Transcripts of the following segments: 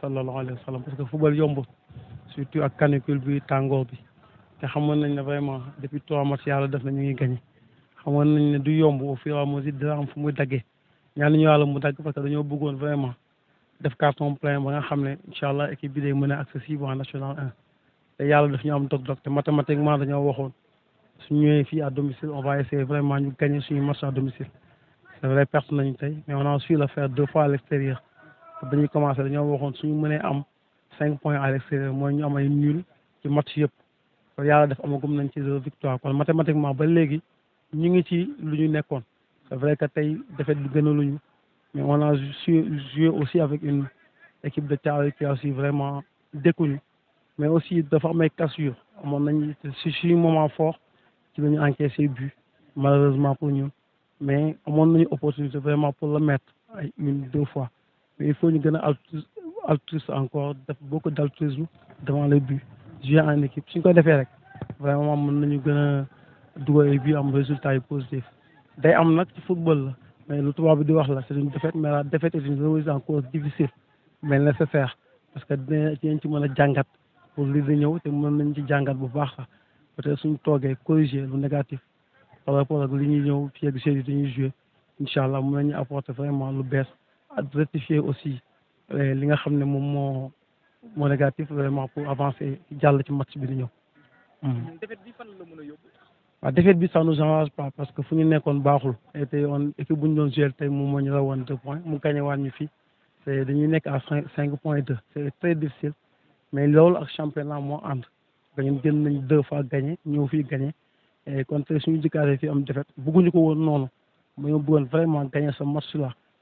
sallallahu alayhi wa sallam parce que football yombut surtout ak canicule bi tàngoor bi te xamoon nañ ne vraiment depuis trois matchs yàlla def na ñu ngi gagné xamoon nañ ne du yomb au fur et à mesure dina am fu muy daggee ñaan ñu yàlla mu dagg parce que dañoo bëggoon vraiment def carton plein ba nga xam ne incha allah équipe bi day mën a accessible en national 1 te yàlla daf ñu am dog-dog te mathématiquement dañoo waxoon su ñëwee fii à domicile on va essayer vraiment ñu gagné suñu match à domicile c'est vrai perte nañu tey mais on a su le faire deux fois à l'extérieur ba ñuy commencé dañoo waxoon suñu mënee am cinq points à l'extérieur mooy ñu am ay nul ci match yëpp kon yàlla def amagum nañ ci zéro victoire kon mathématiquement ba léegi ñu ngi ci lu ñu nekkoon c'est vrai que tey défaite bi gënaluñu mais on a joué aussi avec une équipe de Thiaroye qui a aussi vraiment dékkuñu mais aussi dafa am ay cassure amoon nañ si suñu moment fort ci la ñu encaissé but malheureusement pour ñun mais amoon nañu opportunité vraiment pour le mettre deux fois mais il faut ñu gën a altruiste encore beaucoup d'altruisme devant les buts jouer en équipe suñ ko defee rek vraiment mën nañu gën a dugal ay buts résultat yu positif day am nag de football mais le tubaab bi di c'est une défaite mais la défaite est une chose encore difficile mais nécessaire parce que dinañ ci mën a jàngat pour li di ñëw te mën nañ ci jàngat bu baax peut être suñ toogee corriger le négatif par rapport à li qui ñëw fii de jouer Inch'Allah, allah mën apporter vraiment le best rectifier aussi euh, li nga xam ne moom moo moo négatif vraiment pour avancer jàll ci match bi di ñëw. Hmm. Hmm. défaite bi fan la mën a yóbbu. waaw défaite bi ça nous arrange pas parce que fu ñu nekkoon baaxul tey on équipe bu ñu doon jouer tey moom moo ñu rawoon deux points mu gagné waat ñu fii te dañuy nekk à cinq cinq points deux c'est très difficile mais loolu ak championnat moo ànd dañu gën nañ deux fois gagné ñëw fii gagné kon tey suñu dikkaatee fii am défaite bëgguñu ko woon noonu ñu bëggoon vraiment gagné sa match là.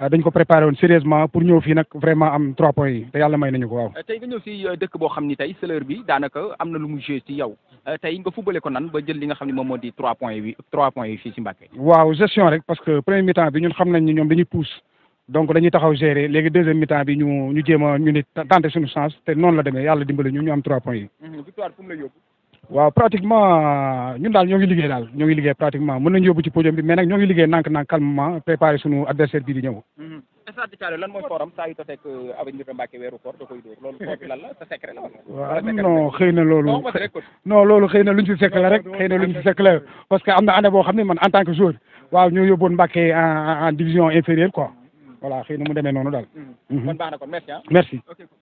Ah, dañ ko préparé woon sérieusement pour ñëw fii nag vraiment am trois points yi te yàlla may nañu ko waaw. Euh, tey nga ñëw si euh, dëkk boo xam ni tey salaire bi daanaka am na lu mu joué ci yow euh, tey nga fubale ko nan ba jël li nga xam ne moom moo di trois points yi trois points yi fii si Mbacké. waaw gestion rek parce que premier mi-temps bi ñun xam nañ ni ñoom dañuy pousse donc dañuy taxaw gérer léegi deuxième mi-temps bi ñu ñu jéem a ñu ni tenter suñu chance te noonu la demee yàlla dimbali ñu ñu am trois points yi. Mmh, victoire fu mu la yóbbu waaw pratiquement ñun daal ñoo ngi liggéey daal ñoo ngi liggéey pratiquement mën nañu yóbbu ci podium bi mais nag ñoo ngi liggéey nank nank calmement préparer suñu adversaire bi di ñëw mhm. stade Thiaroye lan mooy forum saa yu ta ak avec Ndiobé Mbacké weeru koor da koy dóor loolu koor lan la sa secret la waaw non xëy na loolu non loolu xëy na lu ñu fekk la rek xëy na lu ñu fekk la parce que am na année boo xam ne man en tant que joueur waaw ñoo yóbboon Mbacké en division inférieure quoi mhm. voilà xëy na mu demee noonu daal mhm. kon baax na kon merci hein. merci